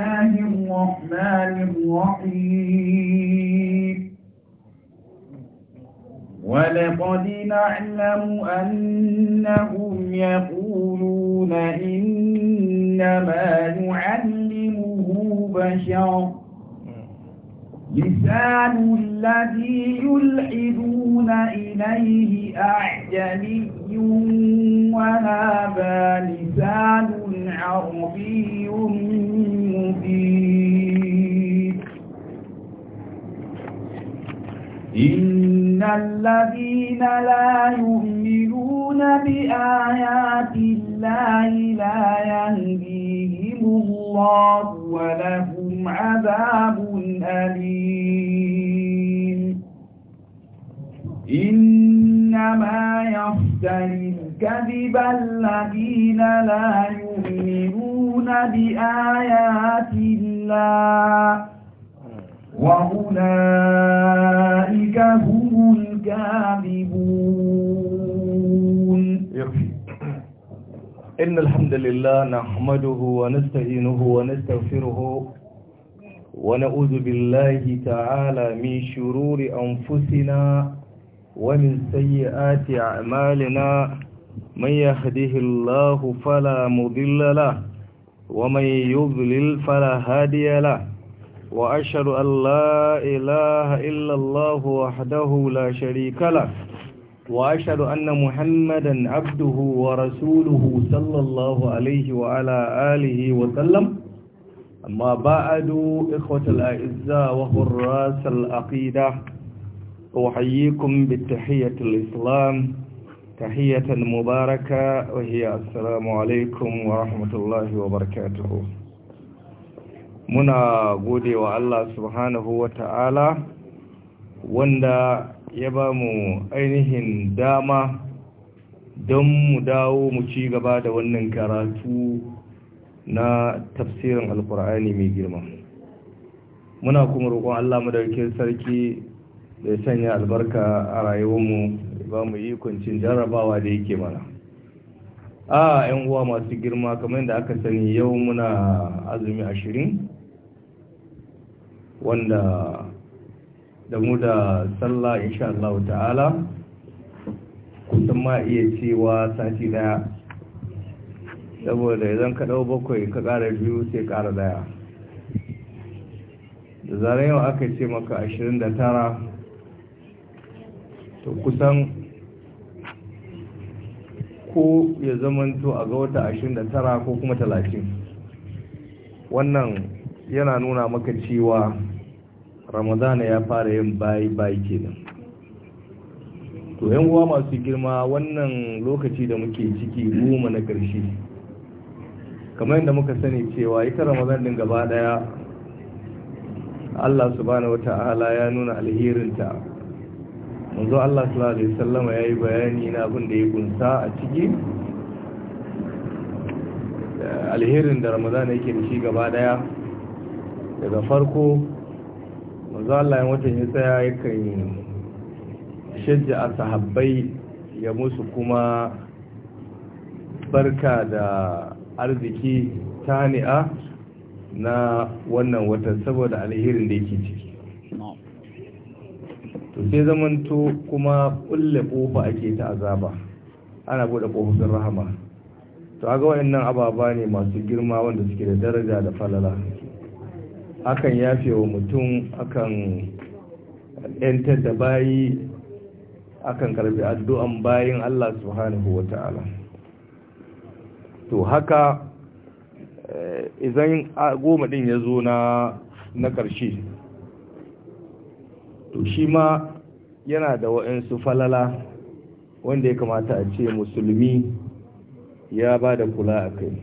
الله الرحمن الرحيم ولقد نعلم أنهم يقولون إنما نعلمه بشر لسان الذي يلحدون إليه أعجمي وهذا لسان عربي مبين إن الذين لا يؤمنون بآيات الله لا يهديهم الله ولهم عذاب أليم إنما يفتري الكذب الذين لا يؤمنون بآيات الله وأولئك هم الكاذبون إن الحمد لله نحمده ونستعينه ونستغفره ونعوذ بالله تعالى من شرور أنفسنا ومن سيئات أعمالنا من يهده الله فلا مضل له ومن يضلل فلا هادي له وأشهد أن لا إله إلا الله وحده لا شريك له وأشهد أن محمدا عبده ورسوله صلى الله عليه وعلى آله وسلم أما بعد إخوة الأعزاء وحراس العقيدة أحييكم بالتحية الإسلام تحية مباركة وهي السلام عليكم ورحمة الله وبركاته muna gode wa Allah subhanahu wa ta'ala wanda ya ba mu ainihin dama don mu dawo mu ci gaba da wannan karatu na tafsirin alkur'ani mai girma muna kuma roƙon Allah madaukin sarki da ya sanya albarka a rayuwarmu ba mu yi kwancin jarrabawa da yake mana a ah, yan uwa masu girma kamar yadda aka sani yau muna azumi ashirin wanda da mu da sallah insha Allah ta'ala kusan ma iya cewa sati daya saboda idan ka dau bakwai ka ƙara biyu sai kara daya da zarar yau aka ce maka 29 to kusan ko ya zamanto a ga wata 29 ko kuma 30 wannan yana nuna maka cewa ramadana ya fara yin bayi bayi nan to yan uwa masu girma wannan lokaci da muke ciki goma na ƙarshe kamar yadda muka sani cewa ita ramadan din gaba daya Allah subhanahu ta'ala ya nuna alherinta manzo Allah sallallahu alaihi ya yi bayani na abin da ya kunsa a ciki alherin da ramadan yake da shi gaba daya daga farko manzo Allah yan watan ya tsaya yakan shajja a sahabbai ya musu kuma barka da arziki tani'a na wannan watan saboda alherin da yake ciki to sai zamanto kuma kulle kofa ake ta azaba ana bude kofofin rahama to aga wayannan ababa ne masu girma wanda suke da daraja da falala akan yafe wa mutum akan yantar da bayi akan karbi addu'an bayin Allah subhanahu wa ta'ala to haka eh, izan goma ɗin ya zo na na ƙarshe to shi ma yana da wa'insu falala wanda ya kamata a ce musulmi ya ba da kula a kai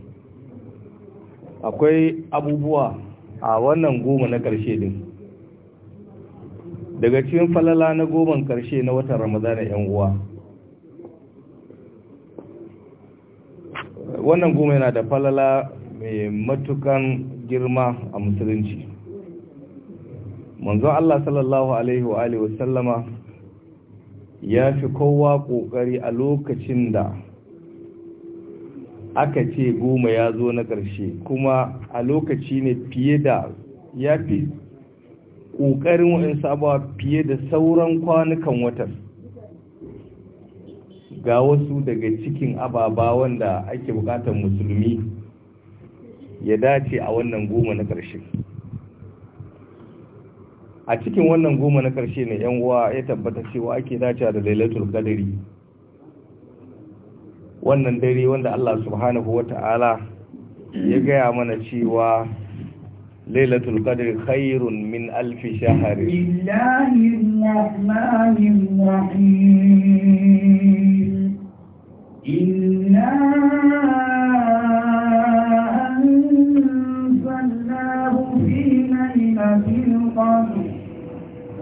akwai abubuwa a wannan goma na ƙarshe din daga cikin falala na goman ƙarshe na watan ramadana yan uwa wannan goma yana da falala mai matukan girma a musulunci manzo Allah sallallahu alaihi wa alihi sallama ya fi kowa ƙoƙari a lokacin da aka ce goma ya zo na ƙarshe kuma a lokaci ne fiye da ya fi ƙoƙarin wa'in sabawa fiye da sauran kwanukan watan ga wasu daga cikin ababa wanda ake buƙatar musulmi ya dace a wannan goma na ƙarshe a cikin wannan goma na ƙarshe ne yan uwa ya tabbata cewa ake dace da lailatul kadari wannan dare wanda Allah subhanahu wata'ala ya gaya mana cewa lailatul qadr khairun min alf shahr inna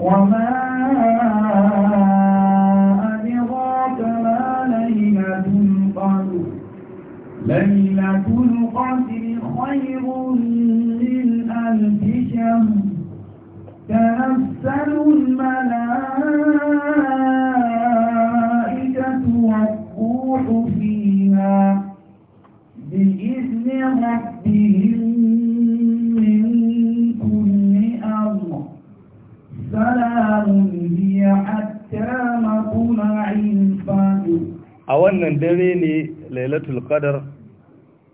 وما ليلة القدر خير من ألف شهر تنزل الملائكة والروح فيها بإذن ربهم من كل أرض سلام هي حتى مطلع الفجر أولا دريني ليلة القدر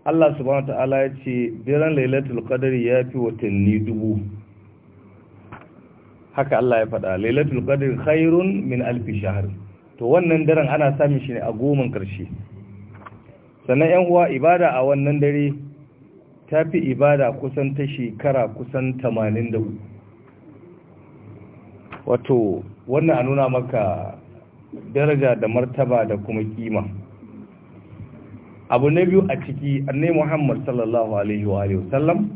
Allah subhanahu ta'ala ya ce biran lailatul qadari ya fi watanni dubu haka Allah ya faɗa lailatul qadri khairun min alf shahr to wannan daren ana samun shi ne a goman karshe sannan yan uwa ibada a wannan dare ta fi ibada kusan ta shekara kusan 80 wato wannan a nuna maka daraja da martaba da kuma kima abu na biyu a ciki annai muhammad sallallahu alaihi wa sallam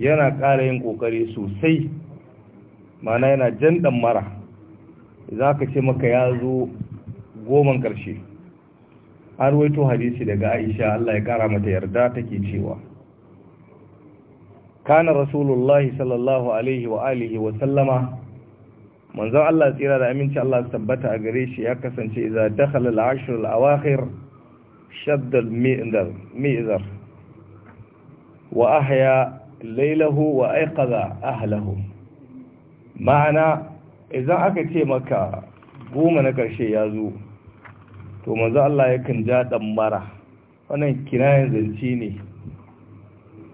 yana ƙara yin ƙoƙari sosai mana yana jan ɗan mara za ka ce maka ya zo goman ƙarshe an waito hadisi daga aisha allah ya ƙara mata yarda take cewa kana rasulullahi sallallahu alaihi wa alihi wa sallama manzon allah tsira da aminci allah tabbata a gare shi ya kasance idan dakhala al-ashr al-awakhir شد المئذر وأحيا ليله وأيقظ أهله معنى إذا أكتي مكة goma na ƙarshe ya zo to manzo Allah yakan ja ɗammara wannan kinayen zance ne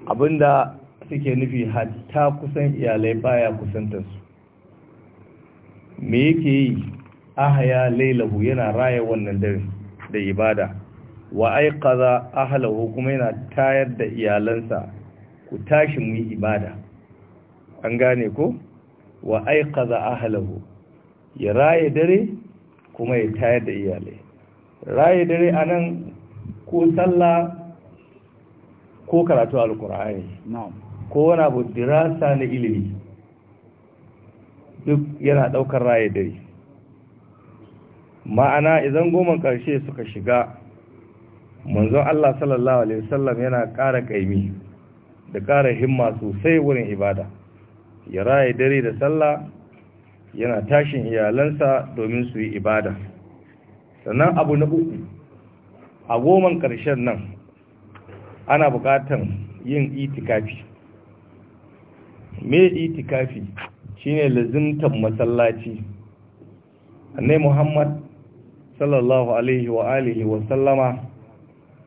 abinda suke nufi hatta kusan iyalai baya kusantarsu me yake yi ahaya lailahu yana raya wannan dare da ibada wa a halahu kuma yana tayar da iyalansa ku tashi mu yi ibada an gane ko wa a halahu ya raye dare kuma ya tayar da iyalai raye dare anan ko sallah ko karatu alqur'ani ko wani abu dirasa na ilimi duk yana ɗaukar raye dare ma'ana idan goma ƙarshe suka shiga manzon Allah sallallahu alaihi wasallam yana ƙara kaimi da ƙara himma sosai wurin ibada ya raye dare da sallah yana tashin iyalansa domin su yi ibada sannan abu na uku a goman ƙarshen nan ana buƙatan yin itikafi mai itikafi shine lazimtan masallaci annai muhammad sallallahu alaihi wa alihi wa sallama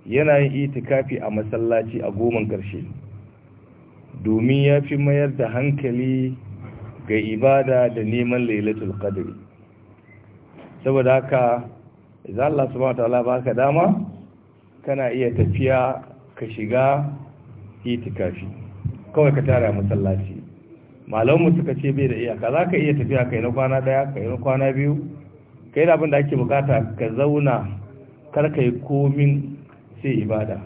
yana yin itikafi a masallaci a goman ƙarshe domin ya fi mayar da hankali ga ibada da neman lailatul qadri saboda haka idan Allah subhanahu wataala baka dama kana iya tafiya ka shiga itikafi kawai ka tara masallaci malamu suka ce bai da iyaka zaka iya tafiya kai na kwana daya kai na kwana biyu kai da abin da ake bukata ka zauna kar kai komin sai ibada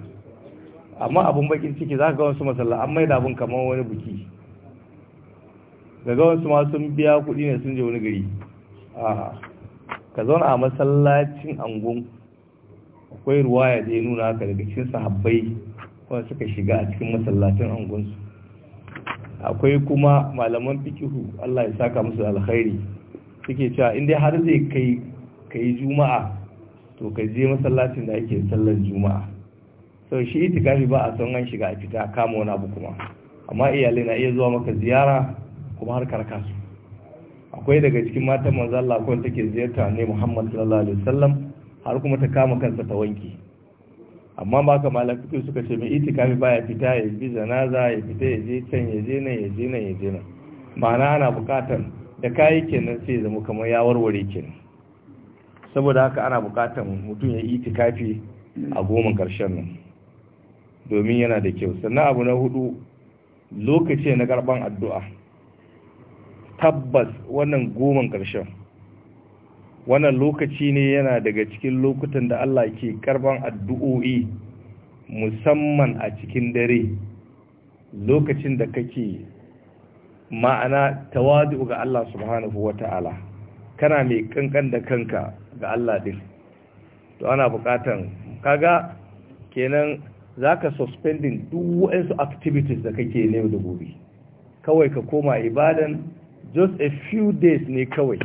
amma abun bakin ciki za ka ga wasu masalla an maida abun kamar wani buki daga wasu ma sun biya kudi ne sun je wani gari ka zauna a masallacin angon akwai ruwaya da ya nuna haka daga cikin sahabbai wanda suka shiga a cikin masallacin angonsu akwai kuma malaman fikihu Allah ya saka musu alkhairi suke cewa inda har zai kai kai juma'a to ka je masallacin da ake sallar juma'a sau shi itikafi ba a son an shiga a fita kama wani abu kuma amma iyalai na iya zuwa maka ziyara kuma har karka su akwai daga cikin matan manzan lakon take ziyarta ne Muhammad sallallahu alaihi wasallam har kuma ta kama kansa ta wanki amma ba ka malafikin suka ce mai itikafi ba ya fita ya bi zanaza ya fita ya je can ya je nan ya je nan ya je nan ma'ana ana bukatar da kayi kenan sai zama kamar ya warware kenan saboda haka ana bukatan mutum ya yi kafi a goma karshen nan domin yana da kyau sannan abu na hudu lokaci na karban addu'a tabbas wannan goma karshen wannan lokaci ne yana daga cikin lokutan da Allah ke karban addu'o'i musamman a cikin dare lokacin da kake ma'ana tawadu ga Allah subhanahu wa Ta'ala kana mai kankan da kanka ga Allah din to ana bukatan kaga kenan zaka suspending duk wasu activities da kake ne da gobe kawai ka koma ibadan just a few days ne kawai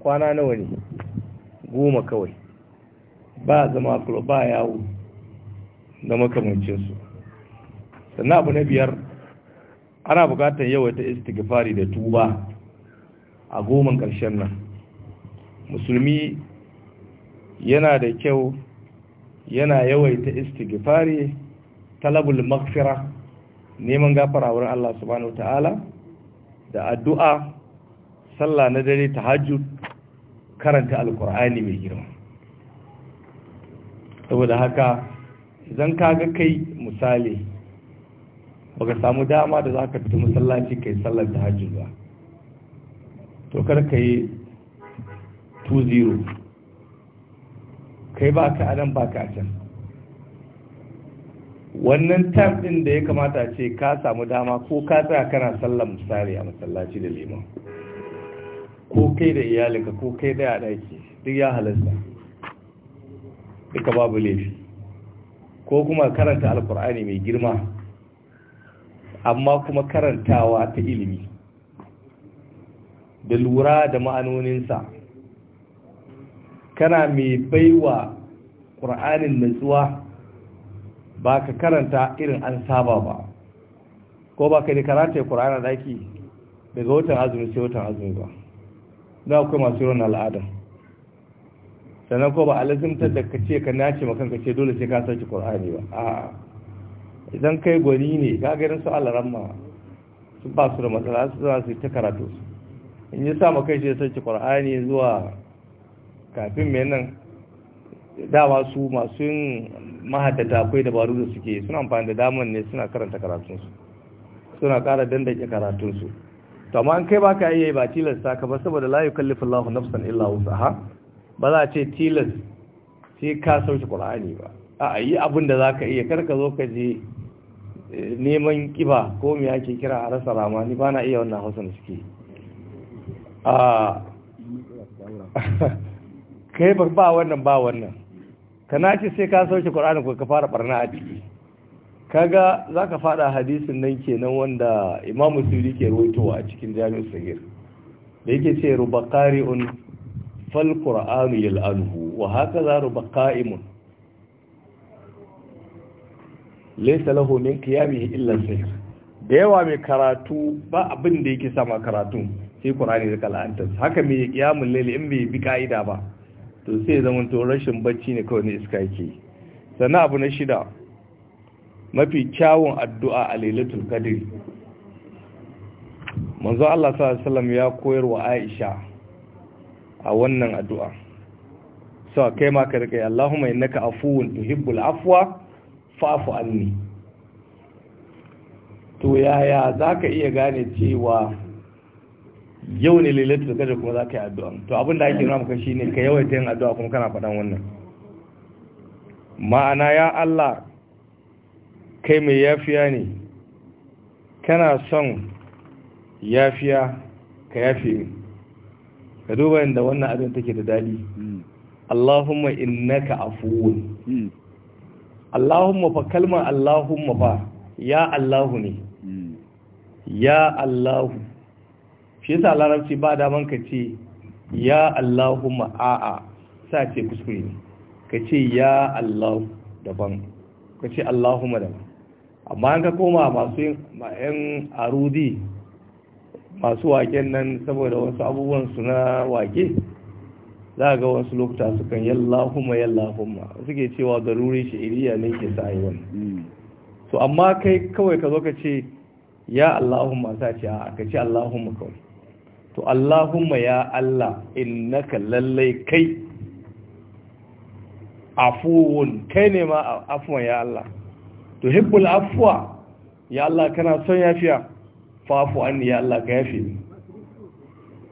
kwana nawa ne goma kawai ba zama kula ba yawo da makamancinsu sannan abu na biyar ana bukatar yawaita istighfari da tuba a goma ƙarshen nan musulmi yana da kyau yana yawaita istighfari talabul maghfira neman gafara wurin Allah subhanahu ta'ala da addu'a sallah na dare tahajjud karanta alqur'ani mai girma saboda haka idan kaga kai misali baka samu dama da zaka tafi masallaci kai sallar tahajjud ba to kar kai 20 kai ba ka anan ba ka can wannan tam ɗin da ya kamata ce ka samu dama ko ka tsaya kana sallar misali a masallaci da liman ko kai da iyalinka ko kai da a ɗaki duk ya halasta duka babu laifi ko kuma karanta alkur'ani mai girma amma kuma karantawa ta ilimi da lura da ma'anoninsa kana mai baiwa ƙur'anin nutsuwa ba ka karanta irin an saba ba ko ba ka da karanta ƙur'anin daki daga watan azumi sai watan azumi ba na akwai masu yi al'ada sannan ko ba a lazimtar da ka ce ka nace makanka ce dole sai ka sauki ƙur'ani ba a idan kai gwani ne ka gagarin su ramma su ba su da matsala su zana su ta karatu in yi sa makai shi ya sauki ƙur'ani zuwa kafin mai nan dawa su masu yin mahaddata akwai dabaru da suke suna amfani da damar ne suna karanta karatunsu suna kara dandake karatunsu to amma an kai baka yi iya ba tilasta ka ba saboda la yukallifu Allahu nafsan illa wusaha ba za a ce tilas sai ka sauke Qur'ani ba a yi abin da zaka iya kar ka zo ka je eh, neman kiba ko me ake kira a rasa rama ni ba na iya wannan Hausa da suke kai ba ba wannan ba wannan kana ce sai ka sauke Qur'ani ko ka fara barna a ciki kaga zaka fada hadisin nan kenan wanda Imam Musuli ke rawaitowa a cikin Jami'u Sahih da yake ce rubaqari'un fal Qur'anu yal'anhu wa haka za rubaqa'imun laysa lahu min qiyamihi illa sihr da yawa mai karatu ba abin da yake sama karatu sai Qur'ani da kala'anta haka mai qiyamul layl in bai bi ka'ida ba to sai zaman to rashin bacci ne kawai ne iska yake sannan abu na shida mafi kyawun addu'a a lailatul qadr manzo Allah sallallahu ya koyar wa Aisha a wannan addu'a so kai ma ka rike Allahumma innaka afuwun tuhibbul afwa fa'fu anni to yaya zaka iya gane cewa yau ne da qadr kuma za ka yi addu'a to abin da ake nuna shi ne ka yawaita yin addu'a kuma kana faɗan wannan ma'ana ya Allah kai mai yafiya ne kana son yafiya ka yafe ka duba yadda wannan abin take da dadi hmm. Allahumma innaka afuwun hmm. Allahumma fa kalmar Allahumma fa ya Allahu ne hmm. ya Allahu shi yasa larabci ba daman ka ce ya Allahumma a'a sa ce kuskure ne ka ce ya Allah daban ka ce Allahumma daban amma an ka koma masu yan arudi masu waken nan saboda wasu abubuwan su na wake za ga wasu lokuta su kan yallahumma yallahumma suke cewa daruri shi'iriya ne ke sa yi wani so hmm. amma kai kawai ka zo ka ce ya Allahumma sa ce a ka ce Allahumma kawai to Allahumma ya Allah innaka lallai kai afuwun kai ne ma afuwa ya Allah to hibbul afuwa ya Allah kana son yafiya fafu an ya Allah ka yafi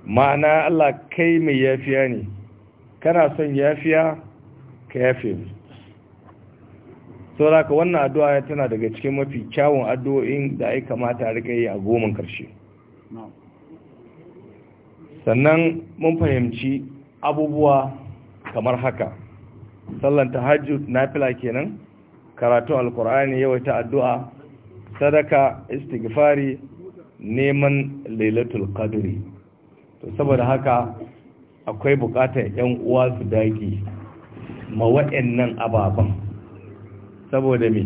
ma'ana Allah kai mai yafiya ne kana son yafiya ka yafi ne sauraka wannan addu'a ya tana daga cikin mafi kyawun addu'o'in da ya kamata a rike yi a goma karshe sannan mun fahimci abubuwa kamar haka sallan tahajjud nafila kenan karatu alkur'ani yawaita addu'a sadaka istighfari neman lailatul qadri to saboda haka akwai bukatar yan uwa su daki ma waɗannan ababan saboda me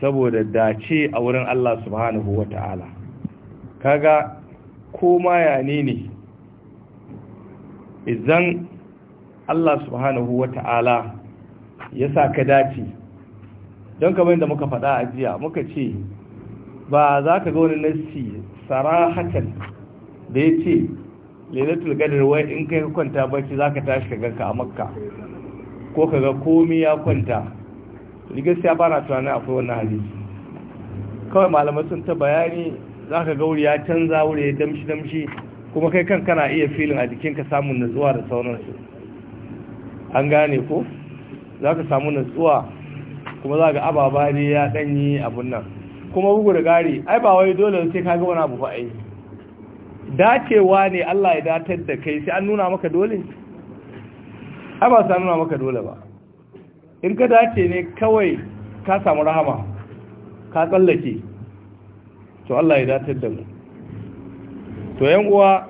saboda dace a wurin Allah subhanahu wata'ala kaga ko ma ya ne ne idan Allah subhanahu wa ta'ala ya sa ka dace don kamar da muka faɗa a jiya muka ce ba za ka ga wani nassi sarahatan da ya ce lailatul gadar wai in kai kwanta bacci ka tashi ka ganka a makka ko ka ga komai ya kwanta rigar sai ba na tunanin akwai wannan hali kawai malamai sun ta bayani zaka ga wuri ya canza wuri ya damshi damshi kuma kai kan kana iya filin a jikinka samun nutsuwa da sauran su. an gane ko za ka samu nutsuwa. kuma za ga ababa ne ya danyi abun nan kuma bugu da gari ai ba wai dole sai ka ga wani abu ba ai dacewa ne Allah ya datar da kai sai an nuna maka dole ai ba sa nuna maka dole ba in ka dace ne kawai ka samu rahama ka tsallake to Allah ya datar da mu to yan uwa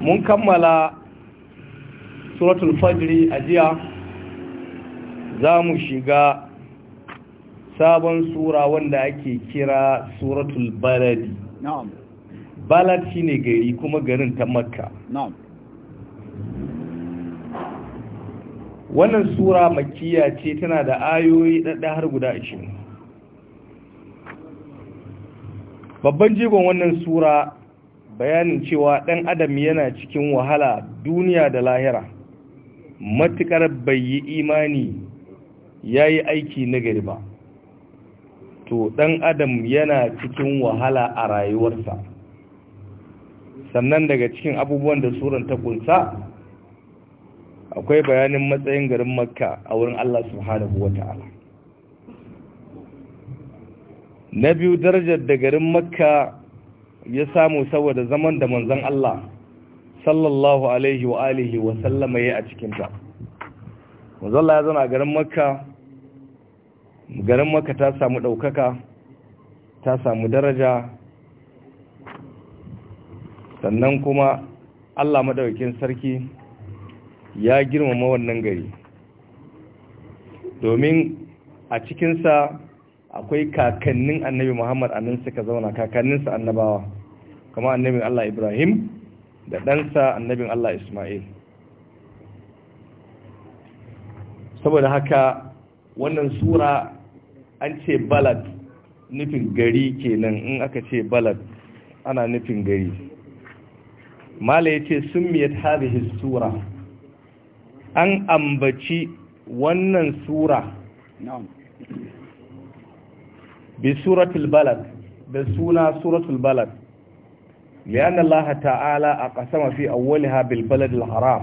mun kammala suratul fajri a jiya za mu shiga sabon sura wanda ake kira suratul baladi balad ne gari kuma garin ta makka wannan sura makiya ce tana da ayoyi ɗaɗɗa har guda ishirin babban jigon wannan sura bayanin cewa ɗan adam yana cikin wahala duniya da lahira matuƙar bai yi imani ya yi aiki gari ba to ɗan adam yana cikin wahala a rayuwarsa sannan daga cikin abubuwan da suran ta kunsa akwai bayanin matsayin garin makka a wurin allah subhanahu wa ta'ala na biyu darajar da garin makka ya samu saboda zaman da manzan Allah sallallahu alaihi wa alihi wa sallama ya a cikinta manzan ya zana garin makka garin makka ta samu ɗaukaka ta samu daraja sannan kuma Allah maɗaukin sarki ya girmama wannan gari domin a cikinsa akwai kakannin annabi muhammad annan suka zauna kakanninsa annabawa kama annabin allah ibrahim da ɗansa annabin allah ismail saboda haka wannan sura an ce balad nufin gari kenan in aka ce balad ana nufin gari mala ya ce sun miyar hadhihi sura an ambaci wannan sura bi suratul balad da suna suratul balad lian Allah ta'ala a kasama fi awwaliha bil balad al haram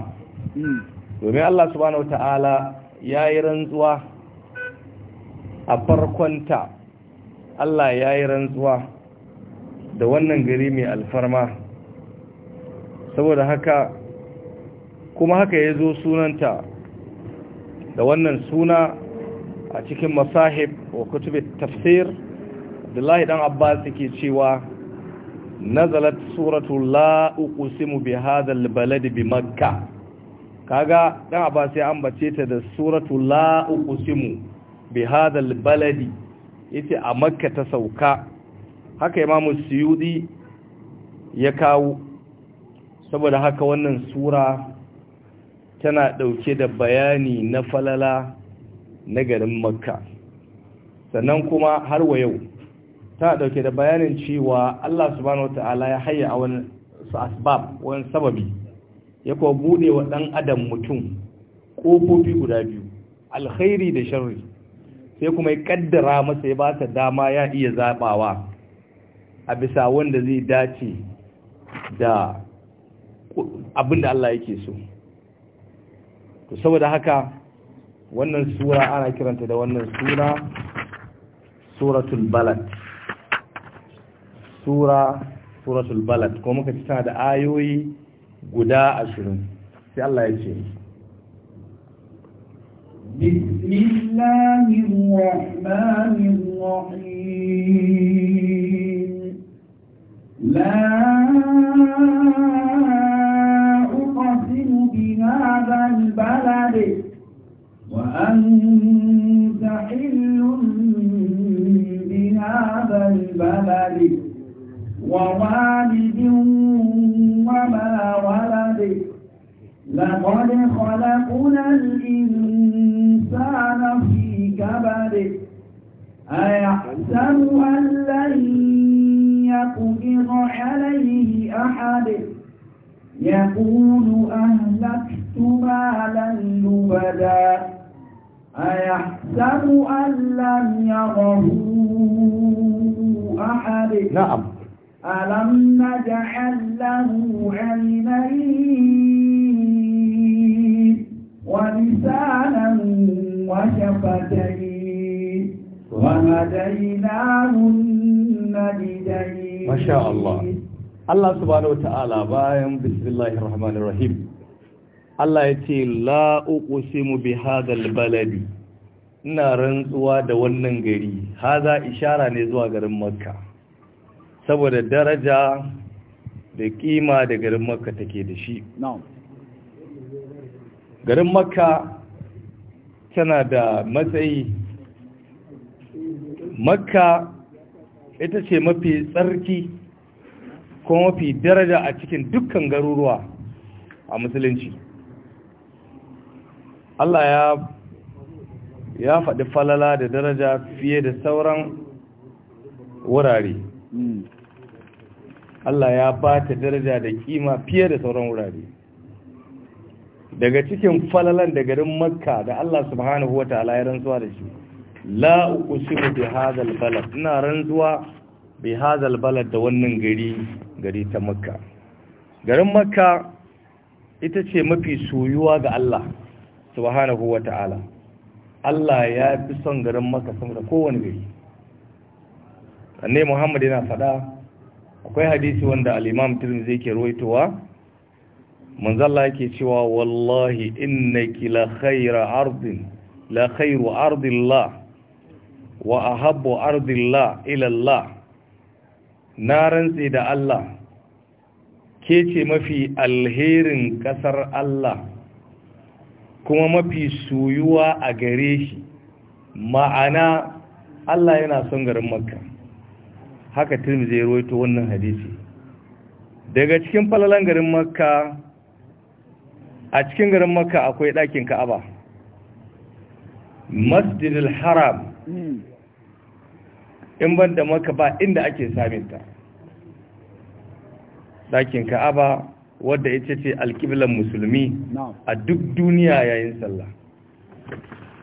domin Allah subhanahu ta'ala yayi rantsuwa a farkonta Allah yayi rantsuwa da wannan gari mai alfarma saboda haka kuma haka ya zo sunanta da wannan suna a cikin masahib wa kutubin tafsir abdullahi dan abbas yake cewa nazalat suratu la uqsimu bi hadha albalad bi makkah kaga dan abbas ya ambace ta da suratu la uqsimu bi hadha albalad yace a makka ta sauka haka imam suyudi ya kawo saboda haka wannan sura tana dauke da bayani na falala na garin makka sannan kuma har wa yau ta dauke da bayanin cewa Allah subhanahu wata'ala ya haye a wani asbab wani sababi ya kuma bude wa dan adam mutum kofofi guda biyu alkhairi da sharri sai kuma ya kaddara masa ya ba ta dama ya iya zabawa a bisa wanda zai dace da abin da Allah yake so to saboda haka wannan sura ana kiranta da wannan sura suratul balad sura suratul balad ko muka ci tana da ayoyi guda ashirin sai Allah ya ce bismillahir rahmanir rahim la uqsimu bi hadzal balad wa anta hillun bi hadzal balad ووالد وما ولد لقد خلقنا الإنسان في كبد أيحسب أن لن يقبض عليه أحد يقول أهلكت مالا لبدا أيحسب أن لم يره أحد نعم ألم نجعل له عينين ولسانا وشفتين وهديناه النجدين ما شاء الله الله سبحانه وتعالى بايم بسم الله الرحمن الرحيم الله يتي لا bi hadal baladi, ina rantsuwa da wannan gari haza ishara ne zuwa garin makka saboda daraja da kima da garin makka take da shi garin makka tana da matsayi makka ita ce mafi tsarki ko mafi daraja a cikin dukkan garuruwa a musulunci Allah ya ya faɗi falala da daraja fiye da sauran wurare hmm. Allah ya ba ta daraja da kima fiye da sauran wurare daga cikin falalan da garin makka da Allah subhanahu wa ta'ala ya rantsuwa da shi la uqsimu bi hadhal balad ina rantsuwa bi hadhal balad da wannan gari gari ta makka garin makka ita ce mafi soyuwa ga Allah subhanahu wa ta'ala Allah ya fi son garin makka sama da kowane gari annabi Muhammad yana faɗa akwai hadisi wanda al-imam tirmidhi yake ruwaitowa Allah yake cewa wallahi innaki la khayra ardin la khayru ardillah wa ahabbu ardillah ila Allah na rantse da Allah ke ce mafi alherin kasar Allah kuma mafi suyuwa a gare shi ma'ana Allah yana son garin Makka haka tirmizi zai roito wannan hadisi daga cikin falalan garin makka a cikin garin makka akwai ɗakin ka'aba masjidil haram hmm. in ban da makka ba inda ake saminta ɗakin ka'aba wadda ita ce alƙiblan musulmi a duk duniya yayin sallah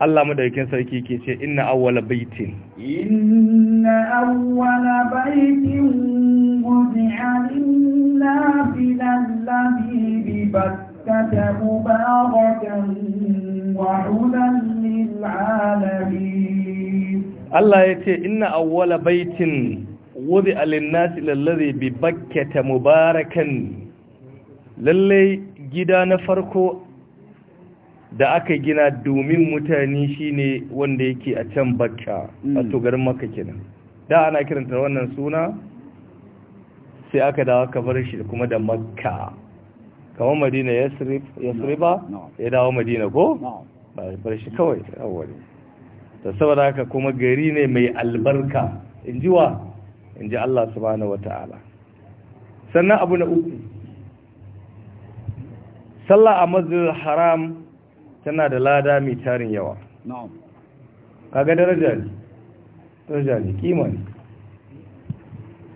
Allah madaukakin sarki ke ce inna awwala baitin inna awwala baitin wudi'a lillahi lalladhi bi bakkata mubarakan wa hudan lil alamin Allah ya yace inna awwala baitin wudi'a lin-nasi lalladhi bi bakkata mubarakan lalle gida na farko da aka gina domin mutane shine wanda yake a can bakka a hmm. garin maka kenan da ana kiranta wannan suna sai aka dawo aka bar shi kuma da makka kamar madina yasriba ya dawo madina ko ba ya bar shi kawai awali da saboda haka kuma gari ne mai albarka in ji wa in ji Allah subhanahu ta'ala. sannan abu na uku sallah a masjidil haram tana da lada mai tarin yawa kaga daraja ne daraja ne kima ne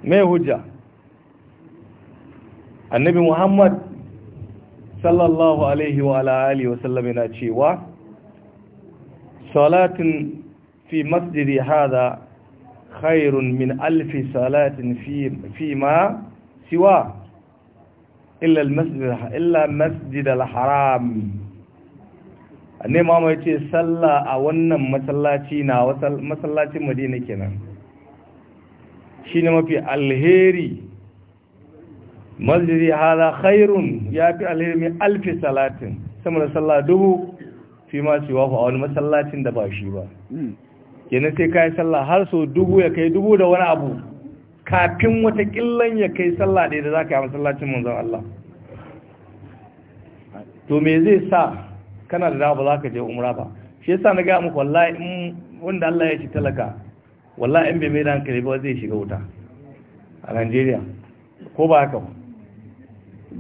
mai hujja annabi muhammad sallallahu alaihi wa alihi wa sallam yana cewa salatin fi masjidi hada khairun min alfi salatin fi ma siwa illa al-masjid haram annai ma yace ce sallah a wannan masallaci na masallacin madina kenan shi ne mafi alheri masjidi hada khairun ya fi alheri mai alfi salatin sama da sallah dubu fi ma wafa a wani masallacin da ba shi ba yana hmm. sai kayi salla sallah har so dubu ya kai dubu da wani abu kafin wata killan ya kai sallah ɗaya da za ka yi a masallacin manzan Allah to me zai sa kana da dawa ba za ka je umra ba shi yasa na gaya muku wallahi in wanda Allah ya ci talaka wallahi in bai mai da hankali ba zai shiga wuta a Najeriya ko ba haka ba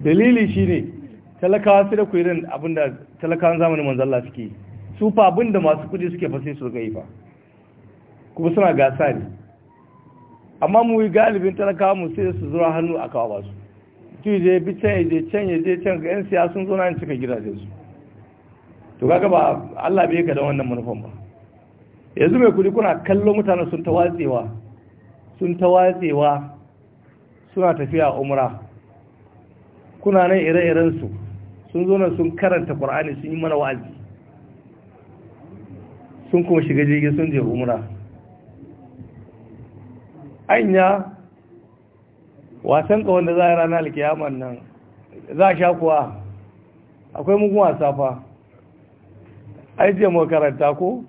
dalili shine talakawa su da ku irin abinda talakawan zamanin Allah suke su fa abinda masu kudi suke fa sai su ga yi fa kuma suna gasa ne amma mu yi galibin talakawa mu sai su zura hannu a kawo ba su tu je bi can ya je can ya je can ga yan siya sun zo na cika gidajen su to kaga ba Allah bai ka da wannan manufan ba yanzu mai kudi kuna kallon mutanen sun watsewa sun watsewa suna tafiya umra kuna nan ire-iren su sun zo nan sun karanta Qur'ani sun yi mana wa'azi sun kuma shiga jirgin sun je umra anya wasan ka wanda za a yi ranar alkiyaman nan za a sha kuwa akwai mugun wasa fa ai je mu karanta ko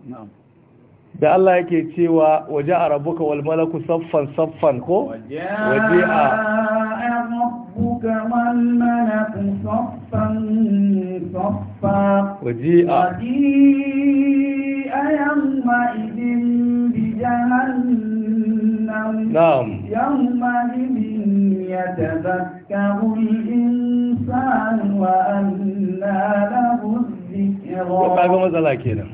da Allah yake cewa waje a rabuka wal malaku saffan saffan ko waje a rabuka wal malaku saffan saffa waje a yamma idin bi jahannam na'am yamma idin yatazakkaru al-insanu wa anna lahu ko kaga matsala kenan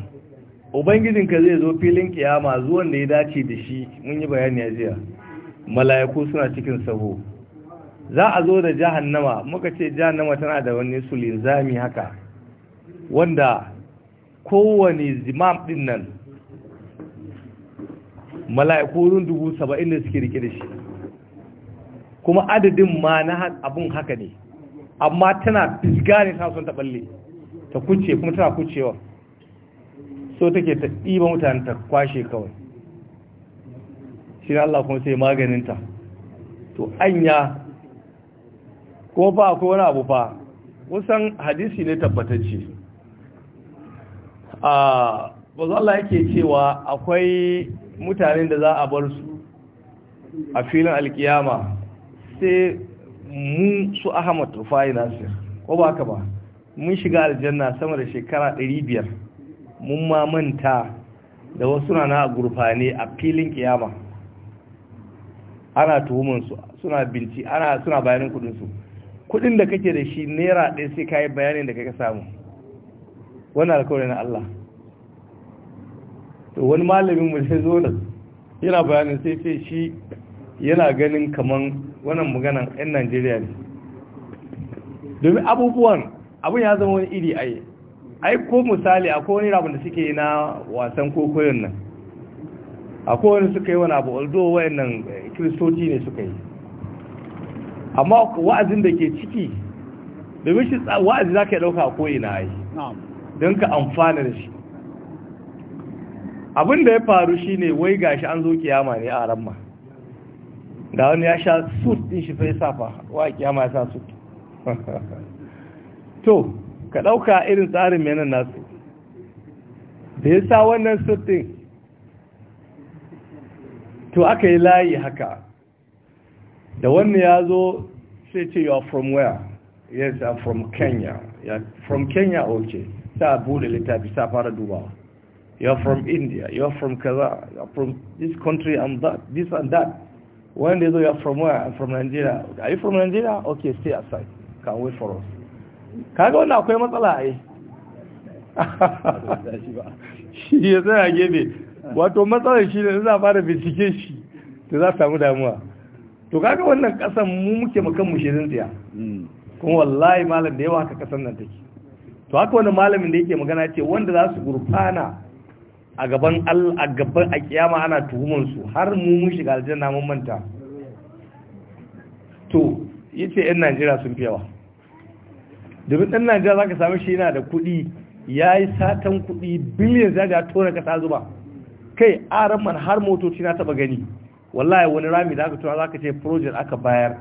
ubangijin ka zai zo filin kiyama zuwan da ya dace da shi mun yi bayani a jiya mala'iku suna cikin sabo za a zo da jahannama muka ce jahannama tana da wani sulinzami haka wanda kowane zimam din nan mala'ikurun dubu saba'in da suke rike da shi kuma adadin ma na abun haka ne amma tana fisga ne ta sun taɓalle ta kuce kuma tana kucewa so take ta ɗiba mutane ta kwashe kawai shi na Allah kuma sai maganinta to anya ko ba ko wani abu fa kusan hadisi ne tabbatacce a ah, bazu Allah yake cewa akwai mutanen da za a bar su a filin alkiyama sai mu su Ahmad Rufai Nasir ko ba ka ba mun shiga aljanna sama da shekara biyar mun mamanta da wasu na a gurfane a filin kiyama ana tuhumansu suna binci ana suna bayanin kudinsu kudin da kake da shi naira ɗaya sai kayi yi bayanin da kake samu wani wannan na Allah to wani malamin mu sai zo da yana bayanin sai ce shi yana ganin kaman wannan maganan 'yan Najeriya ne domin abubuwan abin ya zama wani iri ai ai ko misali akwai wani rabin da suke na wasan kokoyin nan akwai wani suka yi wani abu although wayannan eh, kristoci ne suka yi amma wa'azin da ke ciki domin shi wa'azi za ka yi ɗauka ko ko'ina ai don ka amfana da shi abin da ya faru shi ne wai gashi an zo kiyama ne a ramma da wani ya sha suit din shi fai safa wa kiyama ya sa suit to ka ɗauka irin tsarin menan nasu da ya sa wannan sittin to aka yi layi haka da wannan ya zo sai ce you are from where yes I'm from Kenya yeah, from Kenya okay sa bude littafi sa fara dubawa you are from India you are from Kaza you are from this country and that this and that when they say you are from where I'm from Nigeria are you from Nigeria okay stay aside can wait for us kaga wannan akwai matsala a yi shi ya a gebe wato matsalar shi ne za a fara bincike shi da za samu damuwa to kaga wannan kasan mu muke makan mu shirin tsaya kuma wallahi malam da yawa haka kasan nan take to haka wani malamin da yake magana ce wanda za su gurfana a gaban a gaban a kiyama ana tuhumar su har mu mun shiga aljanna mun manta to yace yan Najeriya sun fi yawa domin ɗan najeriya za ka sami shi yana da kuɗi ya yi satan kuɗi biliyan za ga tona ƙasa zuba kai aran man har motoci na taɓa gani wallahi wani rami da aka tura za ka ce project aka bayar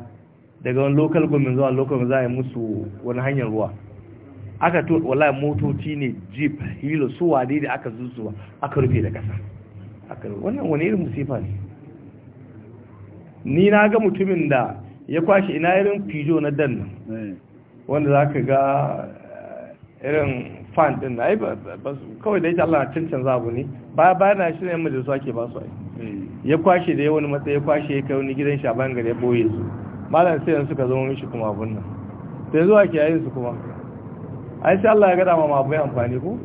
daga wani local government zuwa local government za a yi musu wani hanyar ruwa aka to wallahi motoci ne jeep hilo su wade da aka zuzuwa aka rufe da ƙasa wannan wani irin musifa ne ni na ga mutumin da ya kwashe ina irin fijo na dan nan eh. wanda za ka ga eh, irin fan din na yi kawai da yake Allah na cancan zabu ne ba ba na shi ne majalisu ake ba su hmm. ya kwashe da ya wani matsayi ya kwashe ya kai wani gidan shaban gari ya boye su malam sai ka zama mishi kuma abun nan sai zuwa ke yayin su kuma ai sai Allah ya gada ma mabu amfani ko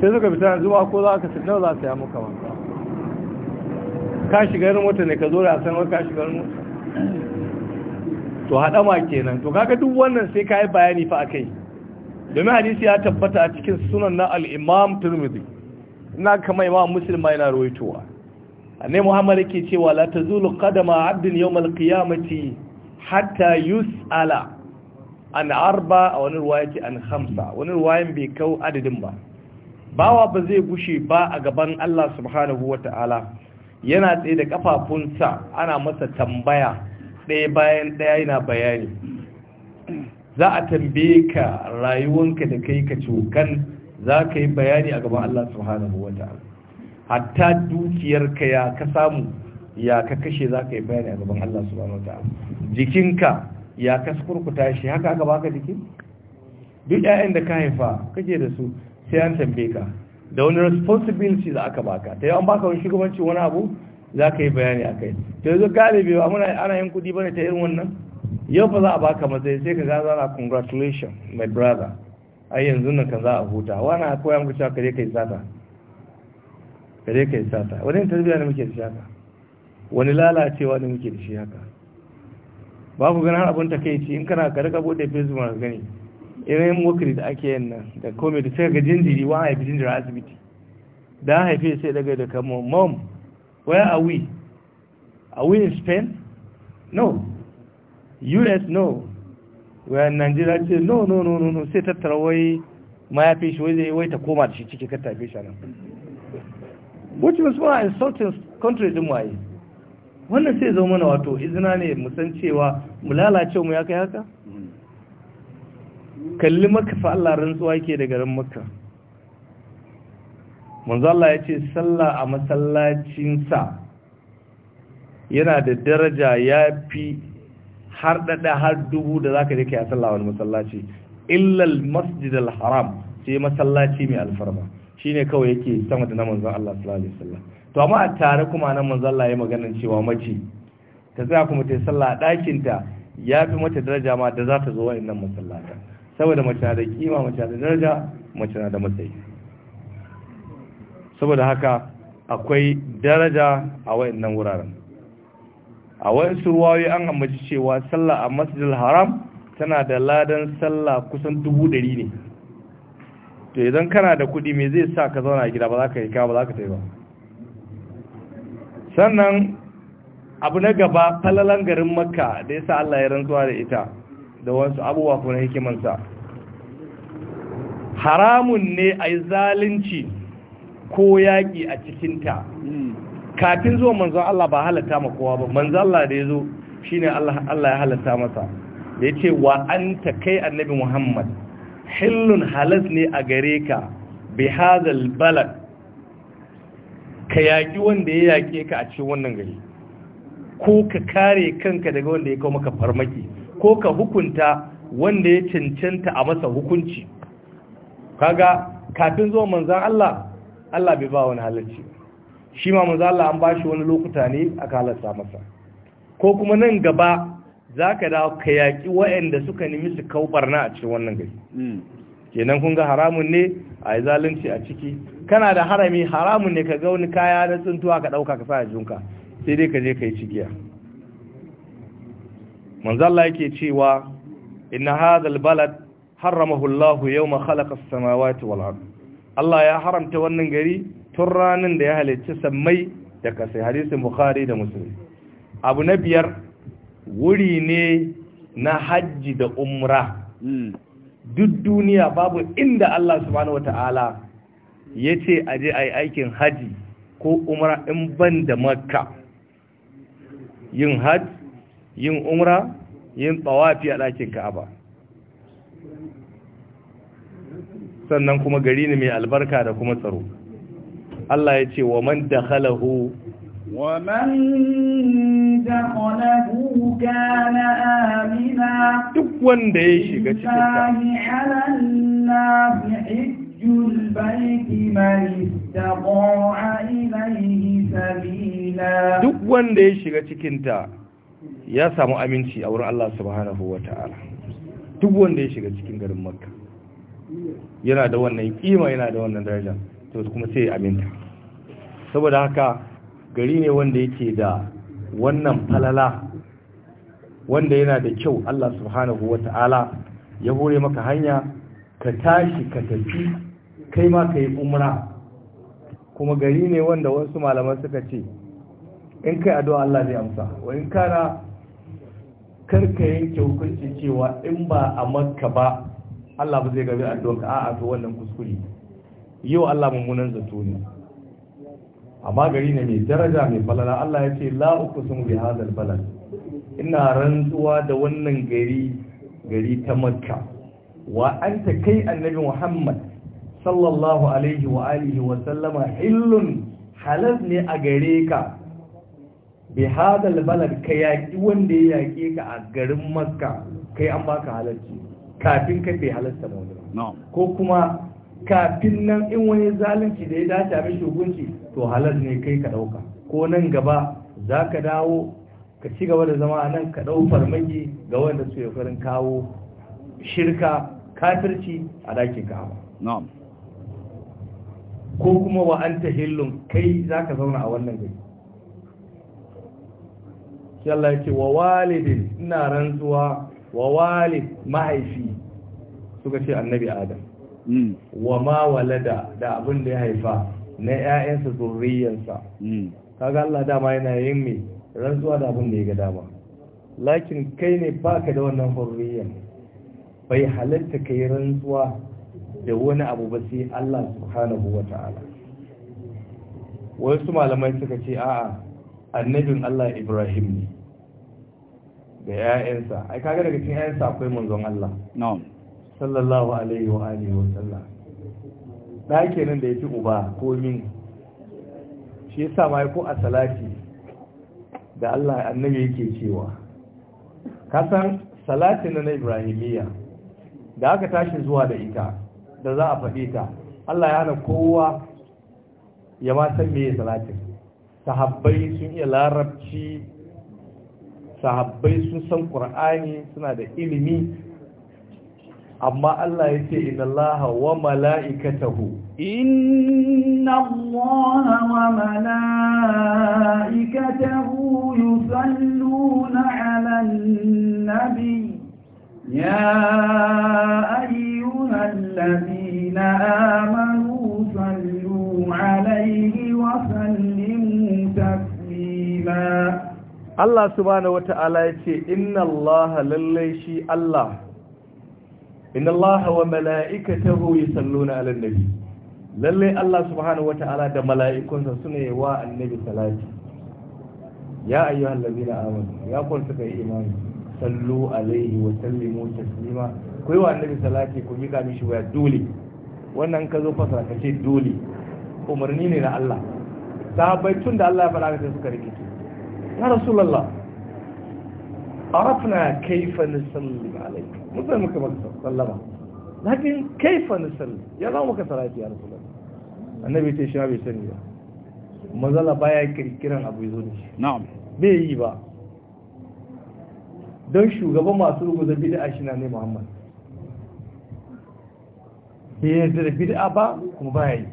sai suka fita zuwa ko za ka sanar za su yi muka wanda ka shiga irin mota ne ka zo da san ka shiga irin mota to haɗama kenan to kaga duk wannan sai ka yi bayani fa a kai. domin hadisi ya tabbata a cikin sunan na al-imam turmidi ina kama imam musulma yana A ne muhammad yake cewa la tazulu qadama abdin yawm al-qiyamati hatta yus'ala an arba a wani ruwayati an khamsa wani ruwayan bai kau adadin ba bawa ba zai gushe ba a gaban Allah subhanahu wata'ala yana tsaye da kafafunsa ana masa tambaya ɗaya bayan ɗaya yana bayani za a tambaye ka rayuwanka da kai ka cokan za ka yi bayani a gaban Allah subhanahu wa ta'ala hatta dukiyarka ya ka samu ya ka kashe za ka yi bayani a gaban Allah subhanahu wa ta'ala jikinka ya ka kurkuta shi haka aka baka jikin duk ƴaƴan da ka haifa kake da su sai an tambaye ka da wani responsibility da aka baka ta yi an baka wani shugabanci wani abu za ka yi bayani a kai to yanzu galibi ba muna ana yin kudi bane ta irin wannan yau fa za a baka matsayi sai ka gaza na congratulation my brother ai yanzu nan kan za a huta wani a koya muku cewa kare ka yi sata kare ka yi sata wani tarbiyya ne muke da shi haka wani lalacewa ne muke da shi haka Ba ku gani har abin ta kai ci in kana ka rika bude facebook ma gani irin wakili da ake yin nan da komai da sai ga jinjiri wa haifi jinjiri asibiti da haife sai daga da kamar mom Where are we? Are we in Spain? No. US? No. We are in Nigeria? Ce, no, no, no, no, no. Sai tattara wai mayafi shi wai zai wai ta koma da shi ciki ka tafi shi nan. Which was one insulting country din waye. Wannan sai zo mana wato izina ne mu san cewa mu lalace mu ya kai haka? Kalli maka fa Allah rantsuwa yake daga ran Makka. manzala ya ce sallah a masallacinsa yana da daraja ya fi har ɗaɗa har dubu da za ka je ka yi sallah wani masallaci illal masjid al-haram sai masallaci mai alfarma shi ne kawai yake sama da na manzan Allah sallallahu to amma a tare kuma nan manzan Allah ya maganin cewa mace ta tsaya kuma ta yi sallah a ɗakinta ya fi mata daraja ma da za ta zo nan masallata saboda mace na da kima mace na da daraja mace na da matsayi saboda haka akwai daraja a wayannan wuraren a wayansu surwawi, an ambaci cewa sallah a masjidil haram tana da ladan sallah kusan dubu ɗari ne to idan kana da kuɗi mai zai sa ka zauna a gida ba za ka yi ka ba za ka ta yi ba sannan abu na gaba falalan garin makka da ya sa Allah ya rantsuwa da ita da wasu abubuwa kuma hikimansa haramun ne a yi zalunci ko yaƙi a cikinta hmm. kafin zuwa manzon Allah ba halatta ma kowa ba manzon Allah da ya zo shi ne Allah ya halatta masa da ya ce wa an ta kai annabi Muhammad hillun halas ne a gare ka bi hazal balad ka yaƙi wanda ya yaƙe ka a cikin wannan gari ko ka kare kanka daga wanda ya kawo maka farmaki ko ka hukunta wanda ya cancanta a masa hukunci kaga kafin zuwa manzon Allah Allah bai ba wani halarci shi ma mu Allah an bashi wani lokuta ne aka kalarsa masa ko kuma nan gaba za ka dawo ka yaƙi waɗanda suka nemi su kau barna a cikin wannan gari hmm. kenan kun ga haramun ne a yi zalunci a ciki kana da harami haramun ne ka ga wani kaya na tsintuwa ka ɗauka ka sa a junka sai dai ka je ka yi cikiya manzala yake cewa inna hadha albalad haramahu Allah yawma khalaqa as-samawati wal ardh Allah ya haramta wannan gari tun ranar da ya halicci sammai da kasai hadisin bukhari da musulmi abu na biyar wuri ne na hajji da umra duk duniya babu inda Allah subhanahu wata'ala ya ce a je a aikin hajji ko umra in ban da makka yin hajj yin umra yin tsawafi a ɗakin ka'aba sannan kuma gari ne mai albarka da kuma tsaro Allah ya ce wa man dakhalahu wa man dakhalahu kana amina duk wanda ya shiga cikin duk wanda ya shiga cikin ta ya samu aminci a wurin Allah subhanahu ta'ala duk wanda ya shiga cikin garin Makka yana da wannan kima yana da wannan daraja to kuma sai aminta saboda haka gari ne wanda yake da wannan falala wanda yana da kyau Allah subhanahu wata'ala ya hore maka hanya ka tashi ka tafi kai ma ka yi umra kuma gari ne wanda wasu malaman suka ce in kai addu'a Allah zai amsa wa in kana karka yanke hukunci cewa in ba a makka ba Allah ba zai gabe addu'arka a'a to wannan kuskure yau Allah mummunan zato ne amma gari ne mai daraja mai falala Allah ya ce la uqsimu bi hadal balad ina rantsuwa da wannan gari gari ta Makka wa anta kai annabi Muhammad sallallahu alaihi wa alihi wa sallama hillun halal ne a gare ka bi hadal balad ka yaki wanda ya yake ka a garin Makka kai an baka halalci kafin kai bai halasta ma wani ko kuma kafin nan in wani zalunci da ya dace a shugunci hukunci to halar ne kai ka ɗauka ko nan gaba za ka dawo ka ci gaba da zama a nan ka dau farmaki ga wanda su farin kawo shirka kafirci a dakin kawo ko kuma wa an tahillun kai za ka zauna a wannan gari shi Allah ya ce wa walidin ina rantsuwa wa walid mahaifi suka ce annabi adam mm. wa ma walada da abin da ya haifa na ƴaƴansa zurriyarsa mm. kaga Allah dama yana yin mai rantsuwa da abin da ya ga dama lakin kai ne baka da wannan hurriyar bai halatta kai rantsuwa da wani abu ba sai Allah subhanahu wata'ala wasu malamai suka ce a'a annabin Allah Ibrahim ne da yayansa ai kaga daga cikin ƴaƴansa akwai manzon Allah na'am sallallahu alaihi wa alihi wa sallam da ya da yake uba ko min shi yasa ma ko a salati da Allah annabi yake cewa kasan salati na Ibrahimiyya da aka tashi zuwa da ita da za a faɗi ta Allah ya hana kowa ya ma san meye salatin sahabbai sun iya larabci sahabbai sun san qur'ani suna da ilimi amma Allah ya ce "Ina Allah wa mala'ikatahu inna Allah wa mala'ikatahu yusalluna 'alan nabi ya ayyuhalladhina amanu sallu 'alayhi wa sallimu taslima Allah subhanahu wata'ala ya ce inna Allah lallai shi Allah inna Allah wa mala'ikatahu yusalluna 'alan nabi lallai Allah subhanahu wata'ala da mala'ikunsa suna yi wa annabi salati ya ayyuhal ladina amanu ya kun suka yi imani sallu alayhi wa sallimu taslima ku yi wa annabi salati ku miƙa mishi waya dole wannan ka zo fasara ka ce dole umarni ne na Allah sahabbai tun da Allah ya fara ka sai suka rikice ya rasulallah arafna kaifa nusallim alayka musan muka maka sallama lakin kaifa nusallim ya zama maka salati ya annabi ta shi bai sani ba mazala baya kirkiran abu yazo ne na'am bai yi ba don shugaban masu rubuta bid'a shi na ne Muhammad bai yarda da bid'a ba kuma baya yi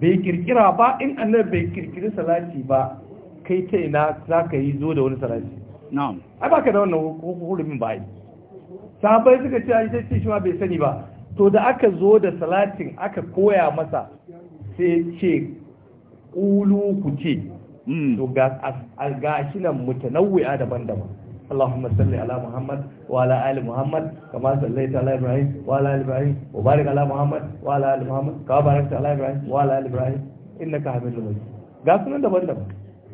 bai kirkira ba in annabi bai kirkiri salati ba kai ta ina za ka yi zo da wani sarashi na'am ai baka da wannan hurumin ba yi sahabai suka ce ai sai shi ma bai sani ba to da aka zo da salatin aka koya masa sai ce ƙulu ku ce mm. to ga shi nan a daban-daban اللهم صل على محمد وعلى ال محمد كما صليت على ابراهيم وعلى ال ابراهيم وبارك على محمد وعلى ال محمد كما باركت على ابراهيم وعلى ال ابراهيم انك حميد مجيد sunan دبن دبن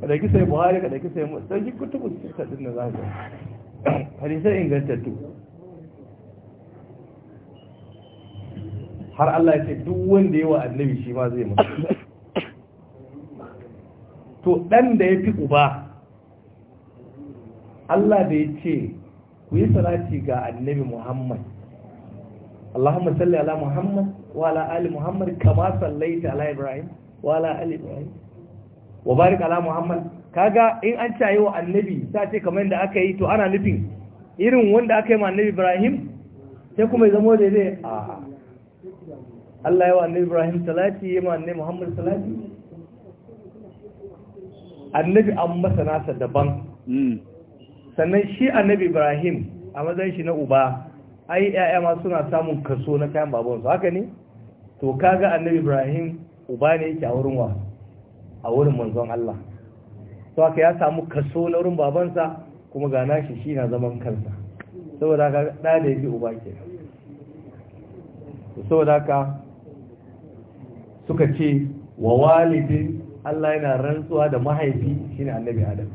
kadaki sai buhari kadaki sai mu sai kutubu sita din nan zaka inganta tu har Allah ya ce duk wanda yawa annabi shi ma zai mutu to dan da ya fi uba Allah da ya ce ku yi salati ga annabi Muhammad Allahumma salli ala Muhammad wa ala ali Muhammad kama sallaita ala Ibrahim wa ala ali Ibrahim wa barik ala muhammad kaga in an caye wa annabi ta ce kamar yadda aka yi to ana nufin irin wanda aka yi ma annabi ibrahim sai kuma ya zama da zai a Allah ya wa annabi ibrahim salati ya ma annabi muhammad salati annabi an masa nasa daban hmm. sannan shi annabi ibrahim a mazan shi na uba ai ya'ya ma suna samun kaso na kayan babansu haka ne to kaga annabi ibrahim uba ne yake a wurin wa a wurin manzon Allah to aka ya samu kaso na wurin babansa kuma ga nashi shi na zaman kansa saboda haka ɗa da ya fi uba ke saboda haka suka ce wa walidin Allah yana rantsuwa da mahaifi shine annabi Adam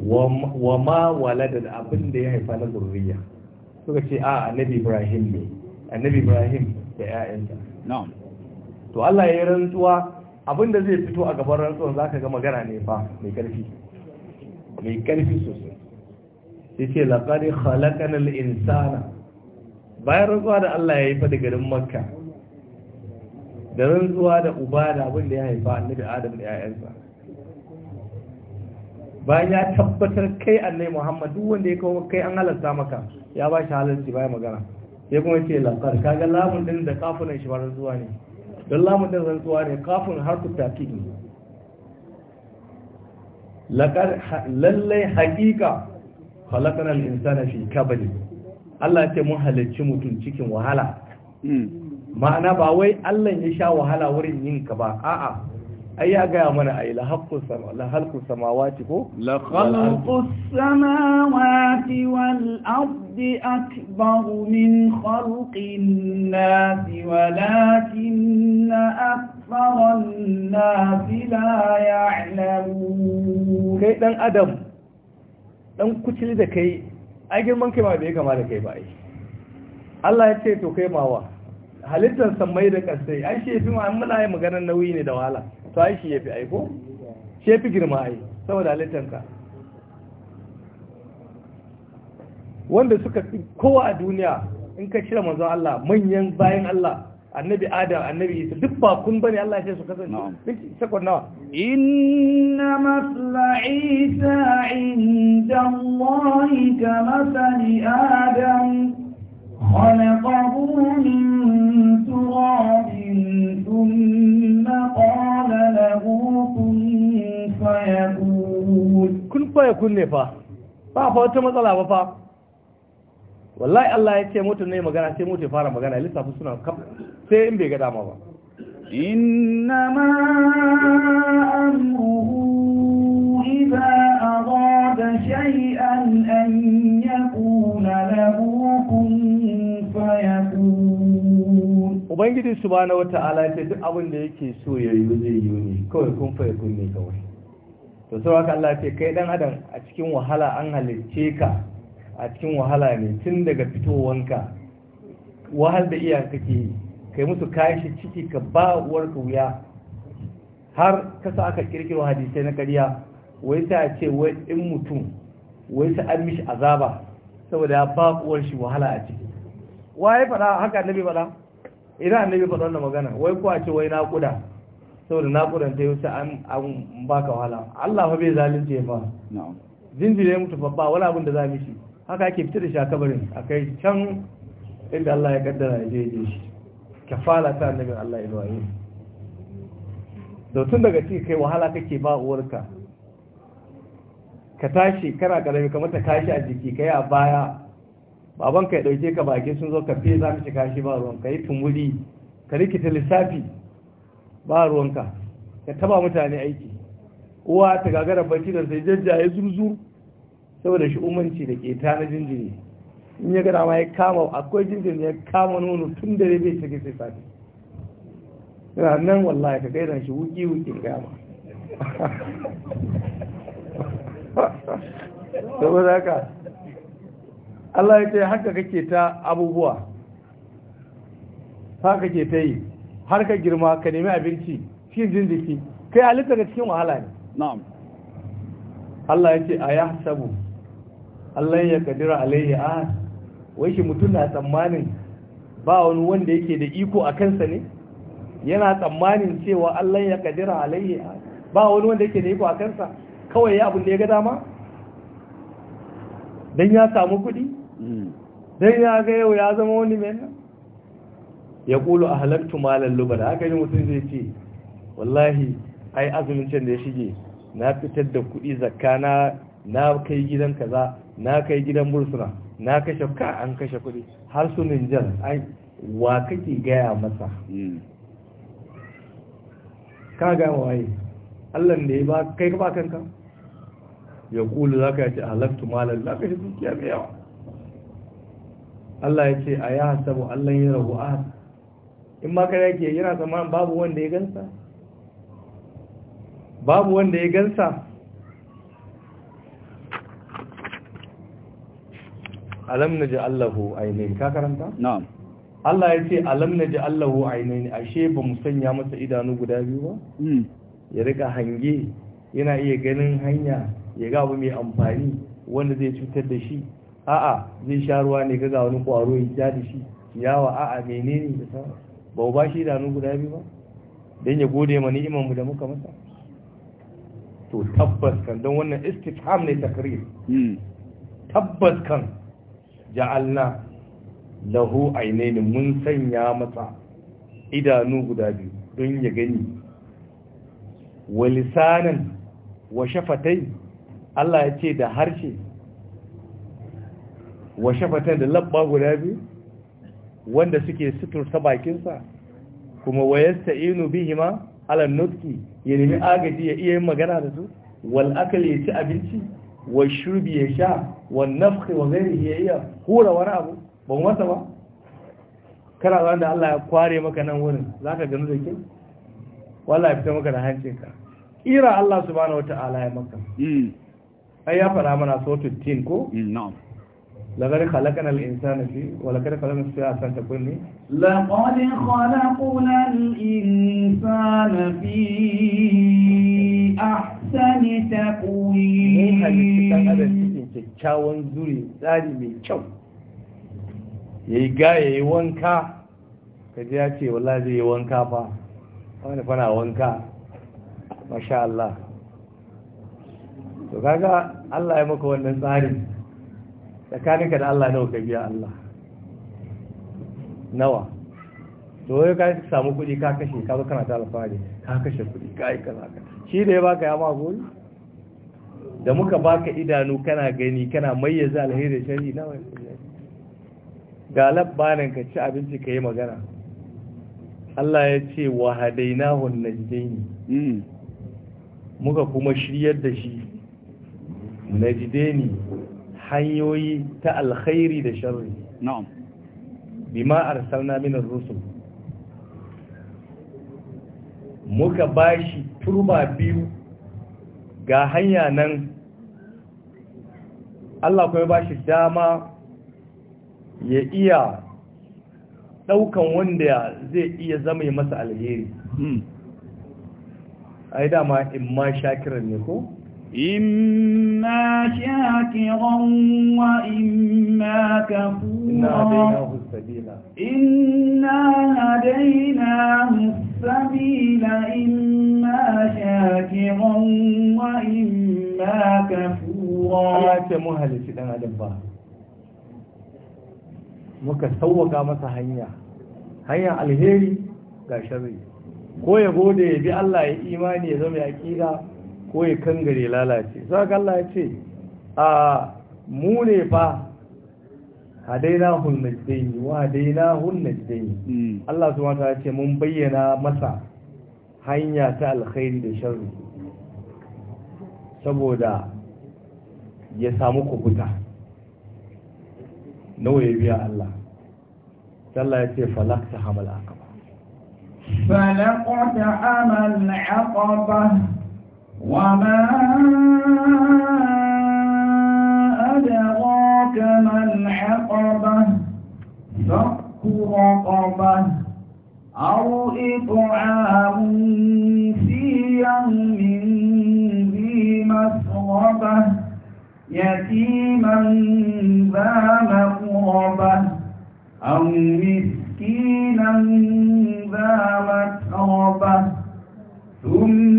wa ma walada da abin da ya haifa na zurriya suka ce a annabi Ibrahim ne annabi Ibrahim da 'ya'yanta. na'am to Allah ya rantsuwa abin da zai fito a gaban rantsuwan za ka ga magana ne fa mai ƙarfi mai ƙarfi sosai ya ce laƙari halakanar insana bayan rantsuwa da Allah ya yi fa da garin makka da rantsuwa da uba da abin da ya haifa annabi adam da 'ya'yansa bayan ya tabbatar kai annai muhammad duk wanda ya kawo kai an halarta maka ya ba shi halarci bayan magana ya kuma ce laƙar kaga lamun ɗin da kafunan shi ba rantsuwa ne don lamun din rantsuwa ne kafin harfu takid lallai haƙiƙa khalaqana al-insana fi kabali Allah ce mun halarci mutum cikin wahala hmm. ma'ana ba wai Allah ya sha wahala wurin yin ka ba a'a ai ya gaya mana ai la haqqus sama la halqus samawati ko la khalqus samawati wal ardi akbar min khalqin nas walakinna aktharan nas la ya'lamun kai dan adam dan kucili da kai ai girman kai ba bai kama da kai ba ai Allah ya ce to kai mawa halittar sammai da kasai ai shi fi ma'amala ya maganar nauyi ne da wahala to ai shi yafi aiko shi yafi girma ai saboda halittanka wanda suka kowa a duniya in ka cire manzon Allah manyan bayan Allah annabi adam annabi isa duk ba kun bane Allah ya su kasance sakon nawa inna masla isa inda Allah ka masali adam خلقه من تراب ثم fa ya kunne fa ba fa wata matsala ba fa wallahi Allah ya ce mutum ne magana sai mutum fara magana lissafi suna kaf sai in bai ga dama ba ma amruhu idza arada shay'an an yakuna lahu kun fayakun ubangiji subhanahu wata'ala ya ce duk abin da yake so yayi zai yi ne kawai kun fayakun ne kawai to sai haka Allah ce kai dan adam a cikin wahala an halicce ka a cikin wahala ne tun daga fitowanka wahal da iya kake yi kai musu kashi ciki ka ba uwarka wuya har ka sa aka kirkiro hadisai na ƙarya wai sai a ce wai in mutum wai sai an mishi azaba saboda ya ba uwar shi wahala a ciki waye faɗa haka annabi faɗa ina annabi faɗa wannan magana wai ko a ce wai na kuda saboda na ta yi wuce an baka wahala Allah fa bai zalunce ba jinjiri ya mutu babba wani abin da za mishi haka ake fitar da shi a kabarin a kai can inda Allah ya kaddara ya je je shi kafala ta annabin Allah Ibrahim da tun daga cikin kai wahala kake ba uwarka ka tashi kana karami kamar ta kashi a jiki kai a baya babanka ya ɗauke ka baki sun zo ka fi za mu kashi ba ruwan ka yi tumuli ka rikita lissafi ba ruwanka ka taba mutane aiki uwa ta gagara bacci da sai jajjaye zurzur saboda shi umanci da ke ta na jinjiri in ya gada ma ya kama akwai jinjiri ya kama nono tun da bai cikin sai sati yana nan wallahi ka gaidan shi wuki wuki kama saboda haka Allah ya ce haka kake ta abubuwa haka ke ta yi har ka girma ka nemi abinci cikin jin jiki kai halitta ga cikin wahala ne na'am Allah ya ce a ya sabu Allah ya kadira alayhi a wai shi mutum na tsammanin ba wani wanda yake da iko a kansa ne yana tsammanin cewa Allah ya kadira alayhi a ba wani wanda yake da iko a kansa kawai ya abin da ya ga dama dan ya samu kuɗi mm. dan ya ga yau ya zama wani mai nan ya kulu a halartu malar lubada aka yi mutum zai ce wallahi ai azumin can da ya shige na fitar da kuɗi zakka na na kai gidan kaza na kai gidan bursuna na kashe ka an kashe kuɗi har su ninjar ai wa kake gaya masa hmm. ka gama waye Allah da ya ba kai ka ba kanka ya kulu za ka yace halattu malar za ka shi dukiya mai yawa Allah ya ce a ya hasabu Allah ya rabu a in ma kare yake yana tsammanin babu wanda ya gansa babu wanda ya gansa alam na ji allahu ainihin ka karanta? na'am Allah ya ce alam na ji allahu ainihin ashe ba mu sanya masa idanu guda biyu ba? Hmm. ya rika hange yana iya ganin hanya ya ga mai amfani wanda zai cutar da shi a'a zai sha ruwa ne ga wani kwaro ya ja da shi yawa a'a menene da ta? ba ba shi da guda biyu ba don ya gode ma ni'imanmu da muka masa to tabbas kan don wannan istifham ne takrir hmm. tabbas kan ja'alna lahu ainihin mun sanya masa idanu guda biyu don ya gani wa wa shafatai Allah ya ce da harshe wa shafatai da labba guda biyu wanda suke suturta bakinsa kuma wayasta inu bihima ala nutki ya nemi agaji ya iya yin magana da su wal akali ya ci abinci wa shurbi ya sha wa nafkhi wa ghairihi ya iya hura wani abu ba mu masa ba kana zan da Allah ya kware maka nan wurin zaka gani da ke wallahi fita maka da hancinka ira Allah subhanahu wataala ya maka hmm. ai ya fara mana sautin tin ko hmm, na'am لقد خلقنا الإنسان في ولقد خلقنا الساعة أحسن تكويني لقد خلقنا الإنسان في أحسن تكوين kyakkyawan zuri tsari mai kyau ya yi gaya ya yi wanka ka ya ce wala zai yi wanka fa wani fana wanka masha Allah to kaga Allah ya maka wannan tsarin tsakaninka da Allah nawa ka biya Allah nawa to wai ka samu kuɗi ka kashe ka zo kana ta alfahari ka kashe kuɗi ka yi kaza ka shi da ya baka ya ma gori da muka baka idanu kana gani kana mayyaza alheri da shari nawa ga labbanin ka ci abinci ka yi magana Allah ya ce wa hadainahu najdaini mm. muka kuma shiryar da shi najdaini hanyoyi ta alkhairi da sharri na'am bima arsalna min ar-rusul muka bashi turba biyu ga hanya nan Allah kuma bashi dama ya iya daukan wanda zai iya zama masa alheri hmm. ai dama in ma shakiran ne ko ina شاكرا وإما كفورا إنا هديناه السبيل إما شاكرا وإما كفورا أنا كمها لسيدنا دبا muka sauwaka masa hanya hanyar alheri ga shari ko ya gode ya bi Allah ya imani ya zama ya ƙira. ko ya kangare lalace za ka Allah ya ce a mu ne fa hadaina najdain wa hadaina najdain hmm. Allah subhanahu wa ta'ala ce mun bayyana masa hanya ta alkhairi da sharri saboda ya samu kubuta nawa ya biya Allah Allah ya ce falakta hamal aqaba falakta hamal aqaba وما أدراك ما الحقبة فك رقبة أو إطعام في يوم ذي مسغبة يتيما ذا مقربة أو مسكينا ذا متربة ثم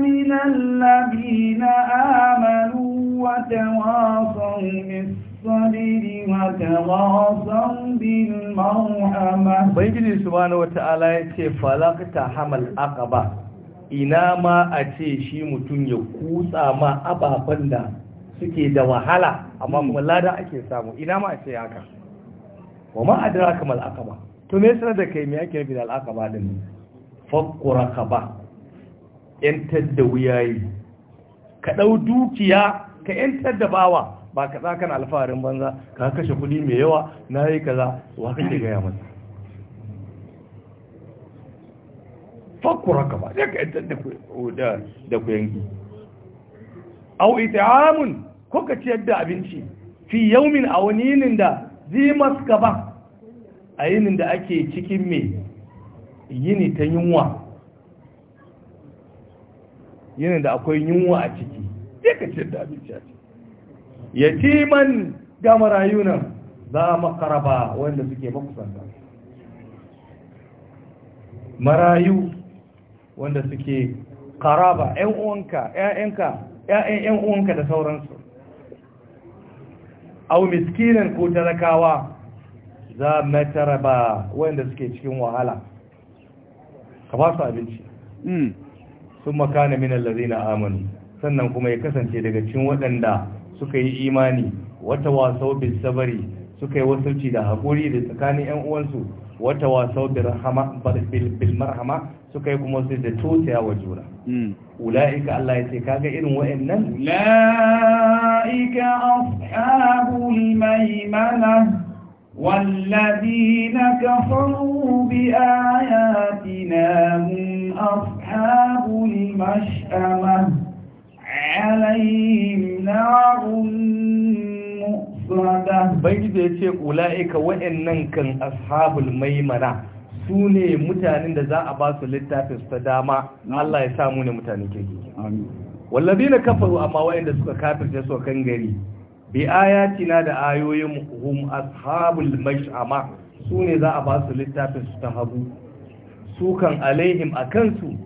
من الذين آمنوا وتواصوا بالصبر وتواصوا بالمرحمة بيجني سبحانه وتعالى يتي تحمل أقبا أقبة ina ma a ce shi mutum ya kutsa ma da suke da wahala amma kuma ake samu ina ma a ce haka wa ma a dira kamar sanar da kai me ake nufi da al'akaba din fakku yantar da wuyayi ka ɗau dukiya ka yantar da bawa ba ka tsakan alfaharin banza ka kashe kudi mai yawa na yi kaza wa kake gaya masa fakura ka ba zai ka yantar da kuyangi au ita ita'amun ko ka ciyar da abinci fi yaumin a wani yinin da zimas ka ba a yinin da ake cikin mai yini ta yunwa yinin da akwai yunwa a ciki sai ka da abinci a ciki yatiman ga marayu nan za makaraba wanda suke makusanta marayu wanda suke karaba 'yan uwanka ƴaƴanka ƴaƴan ƴan uwanka da sauransu au miskinan ko talakawa za mataraba wanda suke cikin wahala ka ba su abinci hmm. sun makana min allazina amanu sannan kuma ya kasance daga cikin waɗanda suka yi imani wata wasau bil sabari suka yi wasauci da haƙuri da tsakanin yan uwansu wata wasau bil marhama suka yi kuma sai da tosaya wa juna hmm. ula'ika Allah ya ce kaga irin wa'annan ula'ika ashabul maimana والذين كفروا بآياتنا هم أصحاب المشأمة عليهم نار مؤصدة بيجد يتيق أولئك وإنن كان أصحاب الميمنة su ne mutanen da za a ba su littafin su ta dama Allah ya samu ne mutanen kirki wallabi na kafaru amma waɗanda suka kafirce su kan gari bi ayatina da ayoyin hum ashabul mash'ama su ne za a ba su littafin su ta hagu su kan alaihim a kansu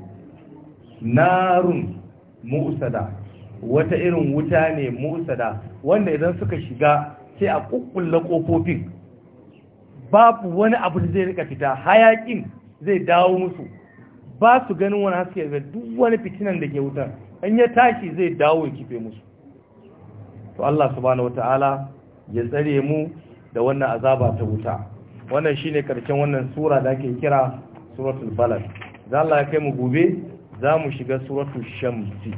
narun musada wata irin wuta ne musada wanda idan suka shiga sai a kukkulla kofofin babu wani abu da zai rika fita hayakin zai dawo musu ba su ganin wani haske da duk wani fitinan da ke wutar an ya tashi zai dawo ya kife musu to Allah subhanahu wata'ala ya tsare mu da wannan azaba ta wuta wannan shine karshen wannan sura da ake kira suratul balad za Allah ya kai mu gobe za mu shiga suratul shamsi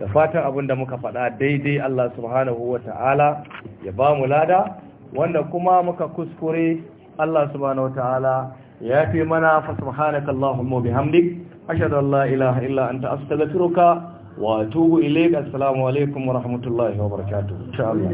da fatan abin da muka faɗa daidai Allah subhanahu wata'ala ya ba mu lada wanda kuma muka kuskure Allah subhanahu wata'ala ya fi mana fa subhanakallahumma bihamdik ashhadu an la ilaha illa anta astaghfiruka wa tubu ilaik alaikum wa rahmatullahi wa barakatuh insha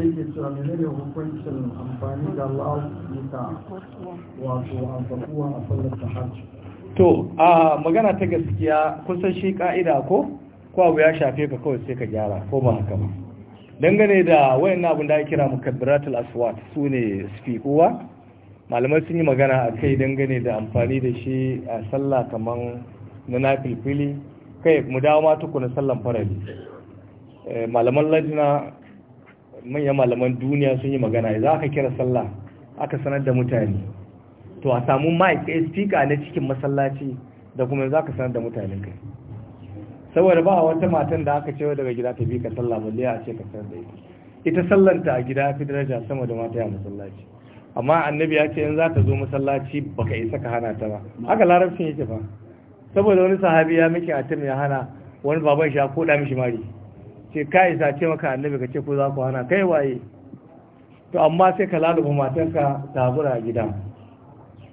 to a magana ta gaskiya kusan shi ka'ida ko ko abu ya shafe ka kawai sai ka gyara ko ba haka ba dangane da wayannan abin da ake kira mukabbiratul aswat sune sifikuwa malamai sun yi magana akai dangane da amfani da shi a sallah kaman na nafilfili kai mu dawo ma tukuna sallan farali eh, malaman lajina manyan malaman duniya sun yi magana za aka kira sallah aka sanar da mutane to a samu mic a eh, speaker na cikin masallaci da kuma za ka sanar da mutane kai saboda ba wata matan da aka cewa daga gida ta bi ka sallah balle a ce ka sanar da ita ita sallanta a gida fi daraja sama da mata ya masallaci amma annabi ya ce in za ta zo masallaci baka isa ka hana ta ba haka larabcin yake ba saboda wani sahabi ya miki a tim ya hana wani baban shi ya koda mishi mari ce ka isa ce maka annabi ka ce ko za ku hana kai waye to amma sai ka laluba matanka ta gura a gida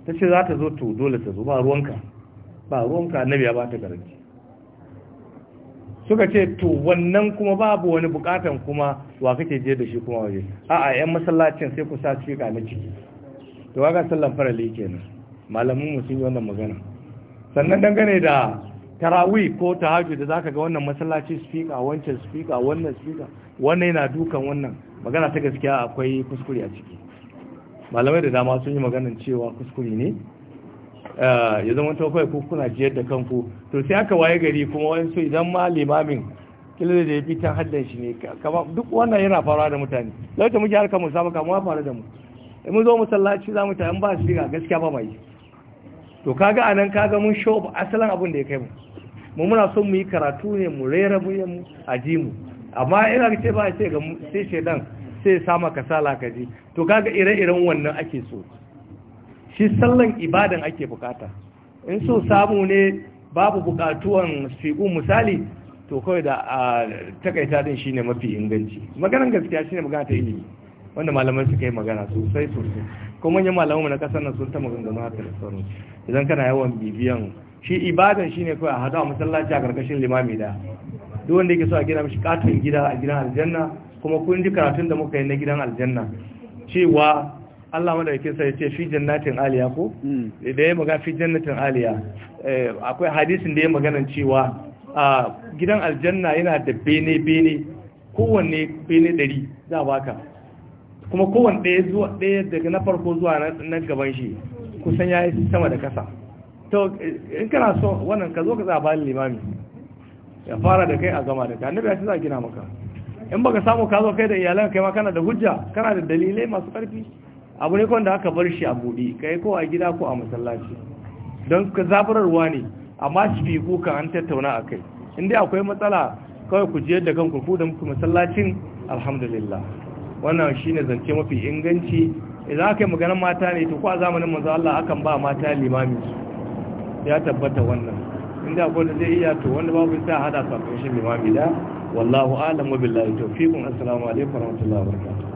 ta ce za ta zo to dole ta zo ba ruwanka ba ruwanka annabi ya ba ta garanti suka ce to wannan kuma babu wani bukatan kuma wa kake je da shi kuma waje a'a yan masallacin sai ku sa shi ka na ciki to waga sallan farali kenan malamin mu sun yi wannan magana sannan dangane da tarawi ko tahajjud da zaka ga wannan masallaci speaker wancan speaker wannan speaker wannan yana dukan wannan magana ta gaskiya akwai kuskure a ciki malamai da dama sun yi maganin cewa kuskure ne eh, ya zama ta kawai kuna jiyar da kanku to sai aka waye gari kuma wani so idan ma limamin kila da ya fi can haddan shi ne kama duk wannan yana faruwa da mutane lauta muke harkar mu samu kamuwa faru da mu in mu zo masallaci za mu ta yan ba su gaskiya ba mai to kaga anan kaga mun shoba asalin abin da ya kai mu mu muna son mu yi karatu ne mu rera mu a ji mu amma ina ce ba sai ga sai shedan sai sama kasala ka ji to kaga ire-iren wannan ake so shi sallan ibadan ake bukata in so samu ne babu bukatuwan siku misali to kawai da a takaita din shine mafi inganci maganar gaskiya shine magana ta ilimi wanda malaman suka yi magana sosai sosai ko manyan malamu na kasar nan sun ta maganganu a da sauran idan kana yawan bibiyan shi ibadan shi ne kawai a hadu a masallaci a karkashin limami da duk wanda yake so a gina mishi katon gida a gidan aljanna kuma kun ji karatun da muka yi na gidan aljanna cewa Allah yake sa yace fi jannatin aliya ko hmm. da ya magana fi jannatin aliya eh, akwai hadisin da ya magana cewa gidan aljanna yana da bene bene kowanne bene dari za baka kuma kowane ɗaya zuwa ɗaya daga na farko zuwa na gaban shi kusan ya yi sama da kasa to in kana so wannan ka zo ka za a bayan limami ya fara da kai a gama da kai annabi ya ce za a gina maka in baka samu ka zo kai da iyalan kai ma kana da hujja kana da dalilai masu ƙarfi abu ne kwan da aka bar shi a buɗe yi ko a gida ko a masallaci don ka zaburarwa ne amma shi fi kuka an tattauna a kai in dai akwai matsala kawai ku jiyar da kanku ku da muku masallacin alhamdulillah wannan shine zance mafi inganci idan aka yi maganar mata ne to ko a zamanin manzo Allah akan ba mata limami ya tabbata wannan inda akwai da zai iya to wanda babu sai hada sa shi limami da wallahu alamu billahi tawfiqun assalamu alaikum wa rahmatullahi wa barakatuh